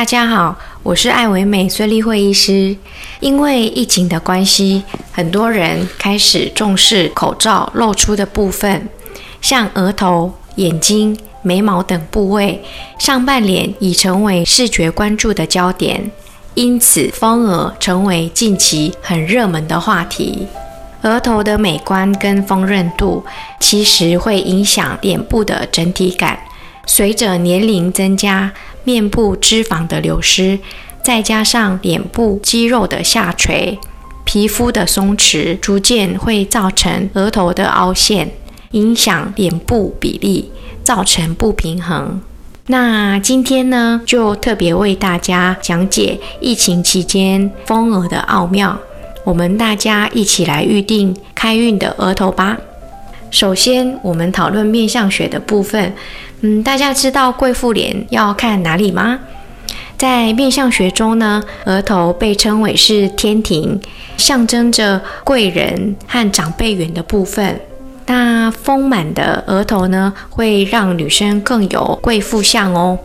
大家好，我是愛惟美孫立惠醫師。因為疫情的關係，很多人開始重視口罩露出的部分，像額頭、眼睛、眉毛等部位，上半臉已成為視覺關注的焦點。因此，豐額成為近期很熱門的話題。額頭的美觀跟豐潤度，其實會影響臉部的整體感。隨着年齡增加，面部脂肪的流失，再加上臉部肌肉的下垂、皮膚的鬆弛，逐漸會造成額頭的凹陷，影響臉部比例，造成不平衡。那今天呢，就特別為大家講解疫情期間豐額的奧妙。我們大家一起來預定開運的額頭吧。首先，我們討論面相學的部分。嗯，大家知道貴婦臉要看哪裡嗎？在面相學中呢，額頭被稱為是天庭，象徵着貴人和長輩緣的部分。那豐滿的額頭呢，會讓女生更有貴婦相哦。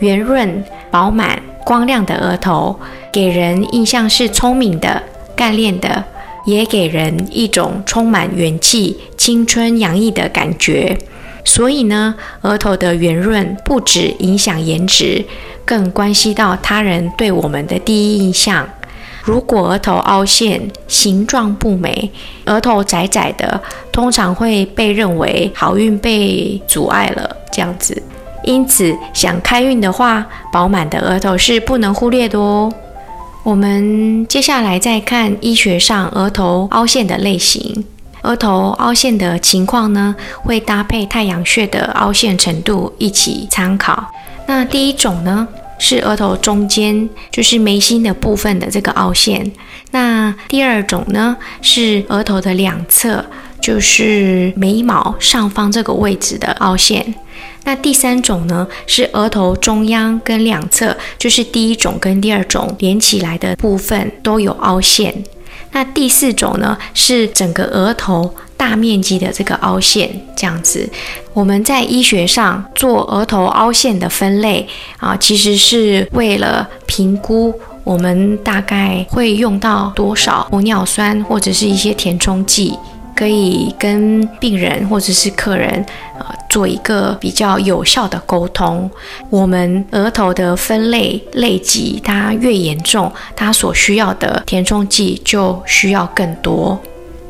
圓潤、飽滿、光亮的額頭，給人印象是聰明的、幹練的。也給人一種充滿元氣、青春洋溢的感覺。所以呢，額頭的圓潤不止影響顏值，更關係到他人對我們的第一印象。如果額頭凹陷、形狀不美、額頭窄窄的，通常會被認為好運被阻礙了，這樣子。因此，想開運的話，飽滿的額頭是不能忽略的哦。我們接下來再看醫學上額頭凹陷的類型。額頭凹陷的情況呢，會搭配太陽穴的凹陷程度一起參考。那第一種呢，是額頭中間，就是眉心的部分的這個凹陷。那第二種呢，是額頭的兩側，就是眉毛上方這個位置的凹陷。那第三種呢，是額頭中央跟兩側，就是第一種跟第二種連起來的部分都有凹陷。那第四種呢，是整個額頭大面積的這個凹陷，這樣子。我們在醫學上做額頭凹陷的分類啊，其實是為了評估我們大概會用到多少玻尿酸或者是一些填充劑。可以跟病人或者是客人呃做一個比較有效的溝通。我們額頭的分類累級，類它越嚴重，它所需要的填充劑就需要更多。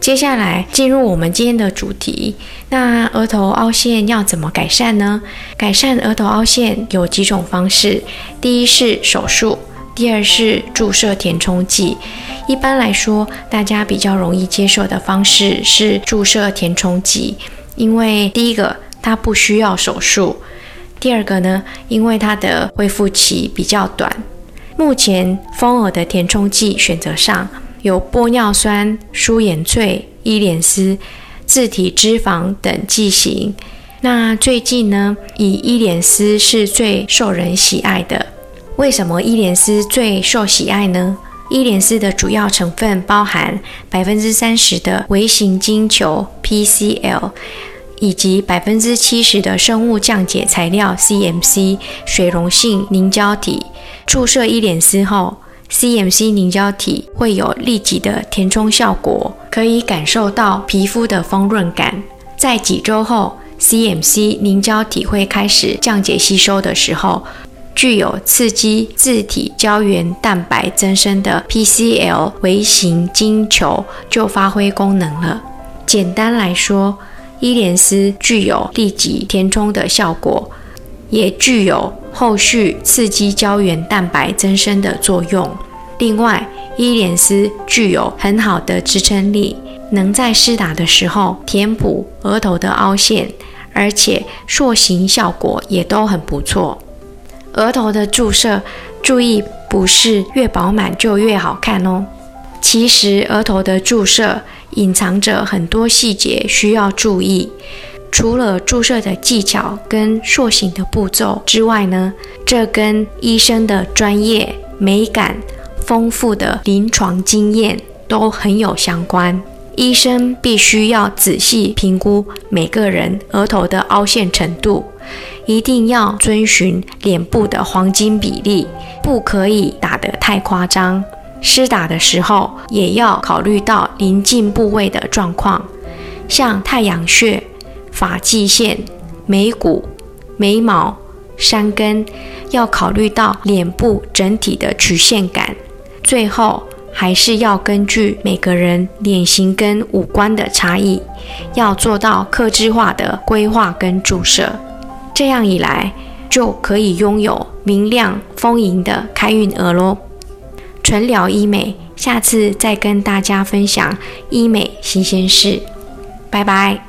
接下來進入我們今天的主題，那額頭凹陷要怎麼改善呢？改善額頭凹陷有幾種方式，第一是手術。第二是注射填充劑，一般來說，大家比較容易接受的方式是注射填充劑，因為第一個它不需要手術，第二個呢，因為它的恢復期比較短。目前豐額的填充劑選擇上有玻尿酸、舒顏萃、洢蓮絲、自體脂肪等劑型，那最近呢，以洢蓮絲是最受人喜愛的。為什麼洢蓮絲最受喜愛呢？洢蓮絲的主要成分包含百分之三十的微型晶球 PCL，以及百分之七十的生物降解材料 CMC 水溶性凝膠體。注射洢蓮絲後，CMC 凝膠體會有立即的填充效果，可以感受到皮膚的豐潤感。在幾周後，CMC 凝膠體會開始降解吸收的時候。具有刺激自體膠原蛋白增生的 PCL 微型晶球就發揮功能了。簡單來說，洢蓮絲具有立即填充的效果，也具有後續刺激膠原蛋白增生的作用。另外，洢蓮絲具有很好的支撐力，能在施打的時候填補額頭的凹陷，而且塑形效果也都很不錯。額頭的注射，注意不是越飽滿就越好看哦。其實額頭的注射隱藏着很多細節需要注意，除了注射的技巧跟塑形的步驟之外呢，這跟醫生的專業美感、豐富的臨床經驗都很有相關。醫生必須要仔細評估每個人額頭的凹陷程度。一定要遵循臉部的黃金比例，不可以打得太誇張。施打的時候也要考慮到臨近部位的狀況，像太陽穴、髮際線、眉骨、眉毛、山根，要考慮到臉部整體的曲線感。最後還是要根據每個人臉型跟五官的差異，要做到客製化的規劃跟注射。這樣一來，就可以擁有明亮豐盈的開運額咯。淳聊醫美，下次再跟大家分享醫美新鮮事。拜拜。